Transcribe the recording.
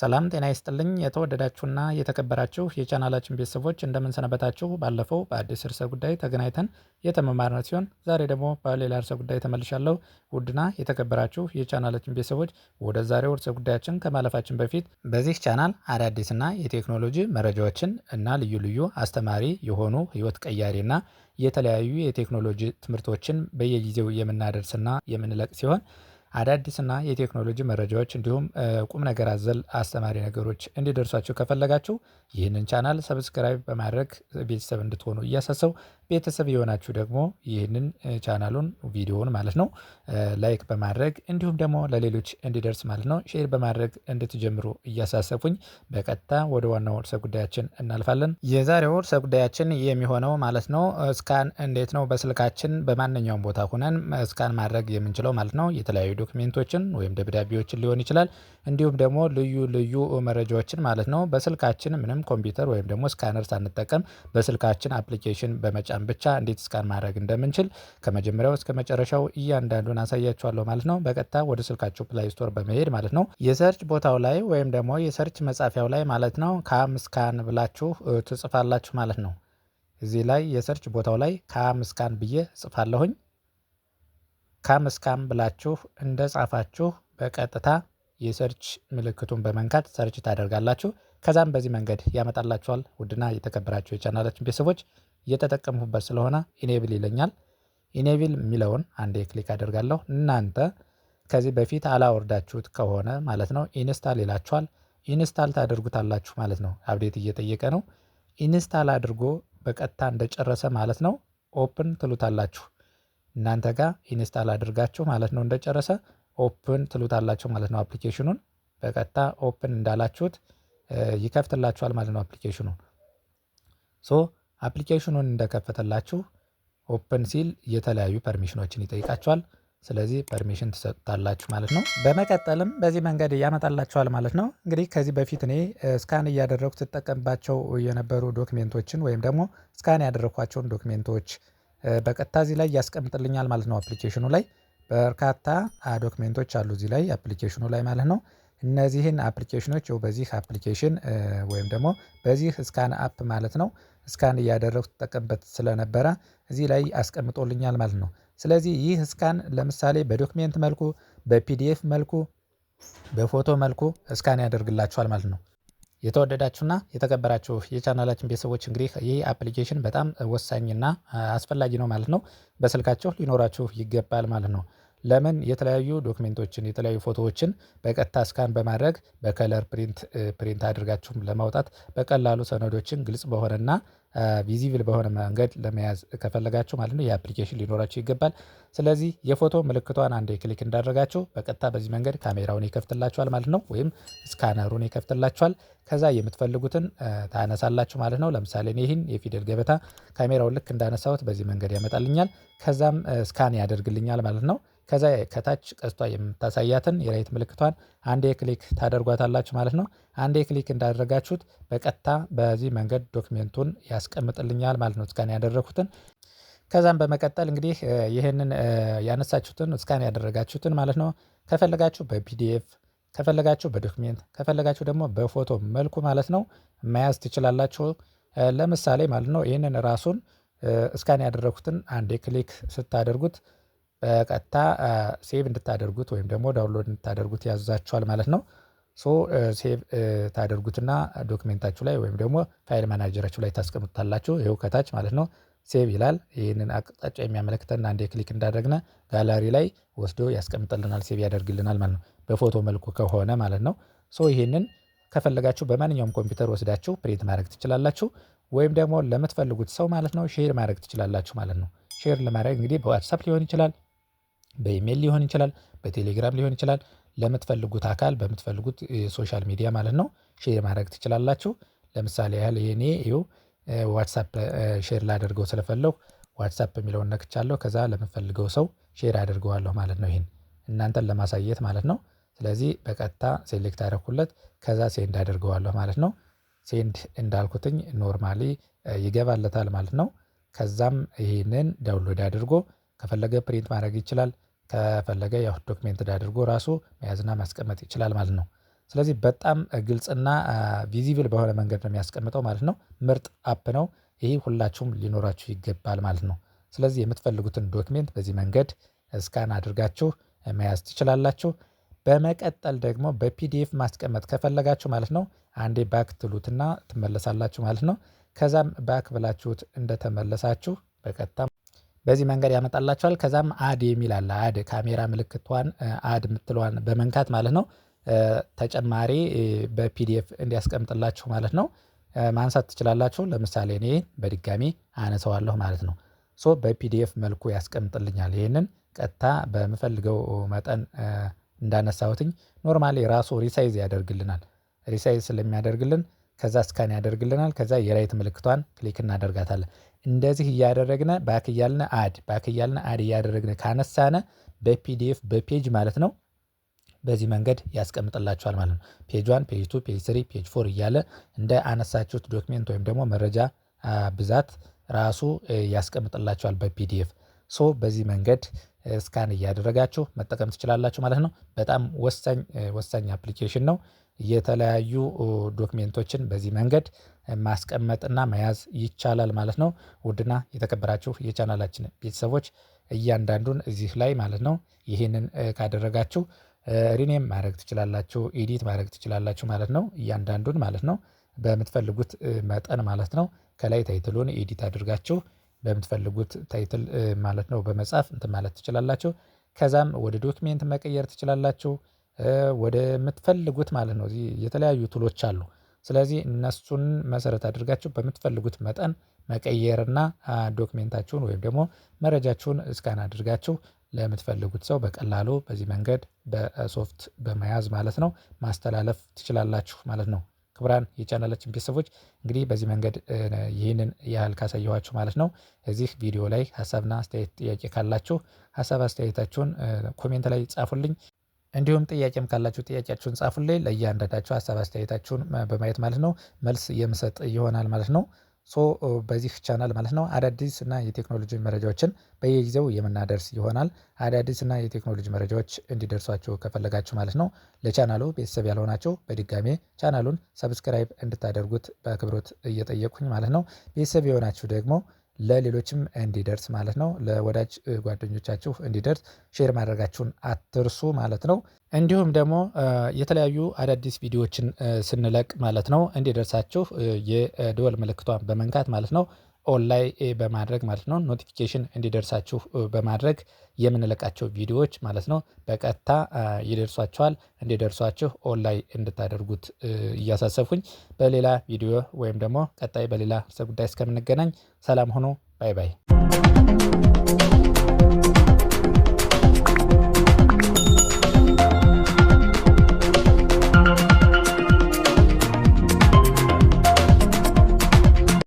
ሰላም ጤና ይስጥልኝ የተወደዳችሁና የተከበራችሁ የቻናላችን ቤተሰቦች እንደምንሰነበታችሁ። ባለፈው በአዲስ ርዕሰ ጉዳይ ተገናኝተን የተመማርነ ሲሆን ዛሬ ደግሞ በሌላ ርዕሰ ጉዳይ ተመልሻለሁ። ውድና የተከበራችሁ የቻናላችን ቤተሰቦች ወደ ዛሬው ርዕሰ ጉዳያችን ከማለፋችን በፊት በዚህ ቻናል አዳዲስና የቴክኖሎጂ መረጃዎችን እና ልዩ ልዩ አስተማሪ የሆኑ ህይወት ቀያሪና የተለያዩ የቴክኖሎጂ ትምህርቶችን በየጊዜው የምናደርስና የምንለቅ ሲሆን አዳዲስና የቴክኖሎጂ መረጃዎች እንዲሁም ቁም ነገር አዘል አስተማሪ ነገሮች እንዲደርሷችሁ ከፈለጋችሁ ይህንን ቻናል ሰብስክራይብ በማድረግ ቤተሰብ እንድትሆኑ እያሳሰው ቤተሰብ የሆናችሁ ደግሞ ይህንን ቻናሉን ቪዲዮውን ማለት ነው ላይክ በማድረግ እንዲሁም ደግሞ ለሌሎች እንዲደርስ ማለት ነው ሼር በማድረግ እንድትጀምሩ እያሳሰብኩኝ በቀጥታ ወደ ዋናው እርሰ ጉዳያችን እናልፋለን። የዛሬው እርሰ ጉዳያችን የሚሆነው ማለት ነው ስካን እንዴት ነው በስልካችን በማንኛውም ቦታ ሁነን ስካን ማድረግ የምንችለው ማለት ነው የተለያዩ ዶክሜንቶችን ወይም ደብዳቤዎችን ሊሆን ይችላል እንዲሁም ደግሞ ልዩ ልዩ መረጃዎችን ማለት ነው በስልካችን ምንም ኮምፒውተር ወይም ደግሞ ስካነር ሳንጠቀም በስልካችን አፕሊኬሽን በመጫን ብቻ እንዴት ስካን ማድረግ እንደምንችል ከመጀመሪያው እስከ መጨረሻው እያንዳንዱን አሳያችኋለሁ ማለት ነው። በቀጥታ ወደ ስልካችሁ ፕላይ ስቶር በመሄድ ማለት ነው የሰርች ቦታው ላይ ወይም ደግሞ የሰርች መጻፊያው ላይ ማለት ነው ካም ስካን ብላችሁ ትጽፋላችሁ ማለት ነው። እዚህ ላይ የሰርች ቦታው ላይ ካም ስካን ብዬ እጽፋለሁኝ። ካም ስካን ብላችሁ እንደጻፋችሁ በቀጥታ የሰርች ምልክቱን በመንካት ሰርች ታደርጋላችሁ ከዛም በዚህ መንገድ ያመጣላችኋል ውድና የተከበራችሁ የቻናላችን ቤተሰቦች እየተጠቀምሁበት ስለሆነ ኢኔብል ይለኛል። ኢኔብል የሚለውን አንዴ ክሊክ አደርጋለሁ። እናንተ ከዚህ በፊት አላወርዳችሁት ከሆነ ማለት ነው ኢንስታል ይላችኋል። ኢንስታል ታደርጉታላችሁ ማለት ነው። አብዴት እየጠየቀ ነው። ኢንስታል አድርጎ በቀጥታ እንደጨረሰ ማለት ነው ኦፕን ትሉታላችሁ እናንተ ጋር ኢንስታል አድርጋችሁ ማለት ነው እንደጨረሰ ኦፕን ትሉታላችሁ ማለት ነው። አፕሊኬሽኑን በቀጥታ ኦፕን እንዳላችሁት ይከፍትላችኋል ማለት ነው። አፕሊኬሽኑ ሶ አፕሊኬሽኑን እንደከፈተላችሁ ኦፕን ሲል የተለያዩ ፐርሚሽኖችን ይጠይቃችኋል። ስለዚህ ፐርሚሽን ትሰጡታላችሁ ማለት ነው። በመቀጠልም በዚህ መንገድ ያመጣላችኋል ማለት ነው። እንግዲህ ከዚህ በፊት እኔ ስካን እያደረግኩ ስጠቀምባቸው የነበሩ ዶክሜንቶችን ወይም ደግሞ ስካን ያደረግኳቸውን ዶክሜንቶች በቀጥታ እዚህ ላይ ያስቀምጥልኛል ማለት ነው አፕሊኬሽኑ ላይ በርካታ ዶክመንቶች አሉ እዚህ ላይ አፕሊኬሽኑ ላይ ማለት ነው። እነዚህን አፕሊኬሽኖች በዚህ አፕሊኬሽን ወይም ደግሞ በዚህ ስካን አፕ ማለት ነው ስካን እያደረጉ ትጠቀምበት ስለነበረ እዚህ ላይ አስቀምጦልኛል ማለት ነው። ስለዚህ ይህ ስካን ለምሳሌ በዶክሜንት መልኩ በፒዲኤፍ መልኩ በፎቶ መልኩ ስካን ያደርግላችኋል ማለት ነው የተወደዳችሁና የተከበራችሁ የቻናላችን ቤተሰቦች እንግዲህ ይህ አፕሊኬሽን በጣም ወሳኝና አስፈላጊ ነው ማለት ነው። በስልካችሁ ሊኖራችሁ ይገባል ማለት ነው። ለምን የተለያዩ ዶክሜንቶችን የተለያዩ ፎቶዎችን በቀጥታ ስካን በማድረግ በከለር ፕሪንት ፕሪንት አድርጋችሁም ለማውጣት በቀላሉ ሰነዶችን ግልጽ በሆነና ቪዚብል በሆነ መንገድ ለመያዝ ከፈለጋችሁ ማለት ነው የአፕሊኬሽን ሊኖራችሁ ይገባል። ስለዚህ የፎቶ ምልክቷን አንዴ ክሊክ እንዳደረጋችሁ በቀጥታ በዚህ መንገድ ካሜራውን ይከፍትላችኋል ማለት ነው፣ ወይም ስካነሩን ይከፍትላችኋል። ከዛ የምትፈልጉትን ታነሳላችሁ ማለት ነው። ለምሳሌ ይህን የፊደል ገበታ ካሜራውን ልክ እንዳነሳሁት በዚህ መንገድ ያመጣልኛል። ከዛም ስካን ያደርግልኛል ማለት ነው። ከዛ ከታች ቀስቷ የምታሳያትን የራይት ምልክቷን አንዴ ክሊክ ታደርጓታላችሁ ማለት ነው። አንዴ ክሊክ እንዳደረጋችሁት በቀጥታ በዚህ መንገድ ዶክሜንቱን ያስቀምጥልኛል ማለት ነው እስካን ያደረኩትን። ከዛም በመቀጠል እንግዲህ ይህንን ያነሳችሁትን እስካን ያደረጋችሁትን ማለት ነው ከፈለጋችሁ በፒዲኤፍ ከፈለጋችሁ በዶክሜንት ከፈለጋችሁ ደግሞ በፎቶ መልኩ ማለት ነው መያዝ ትችላላችሁ። ለምሳሌ ማለት ነው ይህንን ራሱን እስካን ያደረኩትን አንዴ ክሊክ ስታደርጉት በቀጥታ ሴቭ እንድታደርጉት ወይም ደግሞ ዳውንሎድ እንድታደርጉት ያዛችኋል ማለት ነው። ሶ ሴቭ ታደርጉትና ዶክሜንታችሁ ላይ ወይም ደግሞ ፋይል ማናጀራችሁ ላይ ታስቀምጡታላችሁ። ይኸው ከታች ማለት ነው ሴቭ ይላል። ይህንን አቅጣጫ የሚያመለክተን አንዴ ክሊክ እንዳደረግነ ጋላሪ ላይ ወስዶ ያስቀምጥልናል፣ ሴቭ ያደርግልናል ማለት ነው። በፎቶ መልኩ ከሆነ ማለት ነው። ሶ ይህንን ከፈለጋችሁ በማንኛውም ኮምፒውተር ወስዳችሁ ፕሪንት ማድረግ ትችላላችሁ፣ ወይም ደግሞ ለምትፈልጉት ሰው ማለት ነው ሼር ማድረግ ትችላላችሁ ማለት ነው። ሼር ለማድረግ እንግዲህ በዋትሳፕ ሊሆን ይችላል በኢሜል ሊሆን ይችላል በቴሌግራም ሊሆን ይችላል ለምትፈልጉት አካል በምትፈልጉት ሶሻል ሚዲያ ማለት ነው ሼር ማድረግ ትችላላችሁ። ለምሳሌ ያህል የኔ ይኸው ዋትሳፕ ሼር ላደርገው ስለፈለኩ ዋትሳፕ የሚለውን ነክቻለሁ ከዛ ለምፈልገው ሰው ሼር አድርገዋለሁ ማለት ነው ይሄን እናንተን ለማሳየት ማለት ነው። ስለዚህ በቀጥታ ሴሌክት አደረኩለት ከዛ ሴንድ አድርገዋለሁ ማለት ነው። ሴንድ እንዳልኩትኝ ኖርማሊ ይገባለታል ማለት ነው። ከዛም ይህንን ዳውንሎድ አድርጎ ከፈለገ ፕሪንት ማድረግ ይችላል ከፈለገ ያው ዶክመንትድ አድርጎ ራሱ መያዝና ማስቀመጥ ይችላል ማለት ነው። ስለዚህ በጣም ግልጽና ቪዚብል በሆነ መንገድ ነው የሚያስቀምጠው ማለት ነው። ምርጥ አፕ ነው። ይህ ሁላችሁም ሊኖራችሁ ይገባል ማለት ነው። ስለዚህ የምትፈልጉትን ዶክሜንት በዚህ መንገድ ስካን አድርጋችሁ መያዝ ትችላላችሁ። በመቀጠል ደግሞ በፒዲኤፍ ማስቀመጥ ከፈለጋችሁ ማለት ነው አንዴ ባክ ትሉትና ትመለሳላችሁ ማለት ነው። ከዛም ባክ ብላችሁት እንደተመለሳችሁ በቀጥታ በዚህ መንገድ ያመጣላቸዋል ከዛም አድ የሚል አለ አድ ካሜራ ምልክቷን አድ የምትለዋን በመንካት ማለት ነው ተጨማሪ በፒዲኤፍ እንዲያስቀምጥላችሁ ማለት ነው ማንሳት ትችላላችሁ። ለምሳሌ እኔ በድጋሚ አነሰዋለሁ ማለት ነው። ሶ በፒዲኤፍ መልኩ ያስቀምጥልኛል። ይህንን ቀጥታ በምፈልገው መጠን እንዳነሳሁትኝ ኖርማሊ ራሱ ሪሳይዝ ያደርግልናል። ሪሳይዝ ስለሚያደርግልን ከዛ እስካን ያደርግልናል። ከዛ የራይት ምልክቷን ክሊክ እናደርጋታለን። እንደዚህ እያደረግነ ባክ እያልነ አድ ባክ እያልነ አድ እያደረግነ ካነሳነ በፒዲኤፍ በፔጅ ማለት ነው። በዚህ መንገድ ያስቀምጥላችኋል ማለት ነው። ፔጅ ዋን፣ ፔጅ ቱ፣ ፔጅ ስሪ፣ ፔጅ ፎር እያለ እንደ አነሳችሁት ዶክሜንት ወይም ደግሞ መረጃ ብዛት ራሱ ያስቀምጥላችኋል በፒዲኤፍ ሶ በዚህ መንገድ ስካን እያደረጋችሁ መጠቀም ትችላላችሁ ማለት ነው። በጣም ወሳኝ ወሳኝ አፕሊኬሽን ነው። የተለያዩ ዶክሜንቶችን በዚህ መንገድ ማስቀመጥና መያዝ ይቻላል ማለት ነው። ውድና የተከበራችሁ የቻናላችን ቤተሰቦች እያንዳንዱን እዚህ ላይ ማለት ነው ይህንን ካደረጋችሁ ሪኔም ማድረግ ትችላላችሁ ኤዲት ማድረግ ትችላላችሁ ማለት ነው። እያንዳንዱን ማለት ነው በምትፈልጉት መጠን ማለት ነው ከላይ ታይትሉን ኤዲት አድርጋችሁ በምትፈልጉት ታይትል ማለት ነው በመጻፍ እንትን ማለት ትችላላችሁ። ከዛም ወደ ዶክሜንት መቀየር ትችላላችሁ ወደምትፈልጉት ማለት ነው እዚህ የተለያዩ ቱሎች አሉ። ስለዚህ እነሱን መሰረት አድርጋችሁ በምትፈልጉት መጠን መቀየርና ዶክሜንታችሁን ወይም ደግሞ መረጃችሁን እስካን አድርጋችሁ ለምትፈልጉት ሰው በቀላሉ በዚህ መንገድ በሶፍት በመያዝ ማለት ነው ማስተላለፍ ትችላላችሁ ማለት ነው። ክቡራን የቻናላችን ቤተሰቦች እንግዲህ በዚህ መንገድ ይህንን ያህል ካሳየኋችሁ ማለት ነው እዚህ ቪዲዮ ላይ ሀሳብና አስተያየት ጥያቄ ካላችሁ ሀሳብ አስተያየታችሁን ኮሜንት ላይ ጻፉልኝ እንዲሁም ጥያቄም ካላችሁ ጥያቄያችሁን ጻፉልኝ። ለእያንዳንዳችሁ ሀሳብ አስተያየታችሁን በማየት ማለት ነው መልስ የምሰጥ ይሆናል ማለት ነው። ሶ በዚህ ቻናል ማለት ነው አዳዲስ እና የቴክኖሎጂ መረጃዎችን በየጊዜው የምናደርስ ይሆናል። አዳዲስ እና የቴክኖሎጂ መረጃዎች እንዲደርሷችሁ ከፈለጋችሁ ማለት ነው ለቻናሉ ቤተሰብ ያልሆናችሁ በድጋሜ ቻናሉን ሰብስክራይብ እንድታደርጉት በአክብሮት እየጠየቅኩኝ ማለት ነው። ቤተሰብ የሆናችሁ ደግሞ ለሌሎችም እንዲደርስ ማለት ነው። ለወዳጅ ጓደኞቻችሁ እንዲደርስ ሼር ማድረጋችሁን አትርሱ ማለት ነው። እንዲሁም ደግሞ የተለያዩ አዳዲስ ቪዲዮዎችን ስንለቅ ማለት ነው እንዲደርሳችሁ የደወል ምልክቷን በመንካት ማለት ነው ኦል ላይ በማድረግ ማለት ነው ኖቲፊኬሽን እንዲደርሳችሁ በማድረግ የምንለቃቸው ቪዲዮዎች ማለት ነው በቀጥታ ይደርሷችኋል እንዲደርሷችሁ ኦንላይ ላይ እንድታደርጉት እያሳሰብኩኝ በሌላ ቪዲዮ ወይም ደግሞ ቀጣይ በሌላ ርዕሰ ጉዳይ እስከምንገናኝ ሰላም ሆኖ ባይ ባይ።